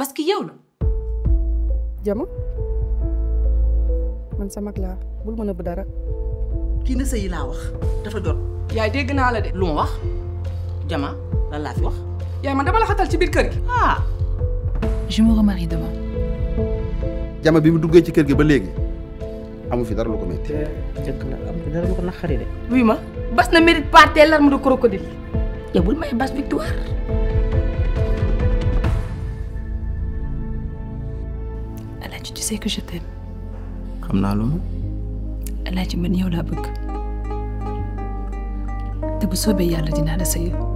parce que yow la. man sa mag laa bul mën a bu dara. kii na sëy wax dafa jot. yaay dégg naa la de. lu wax jama lan fi wax. yaay man dama la ci biir kër gi. ah. je me remarie demain. bi mu duggee ci kër gi ba léegi amu fi dara lu ko métti. jëkk na amu fi dara lu ko naqari de. oui ma bas na mérite pas tes larmes de crocodile. yow bul may bas victoire. Alhaji tu sais que je t'aime. Comme xam naa loolu. Alhaji man yow laa bëgg te bu soobee yàlla dinaa la sëy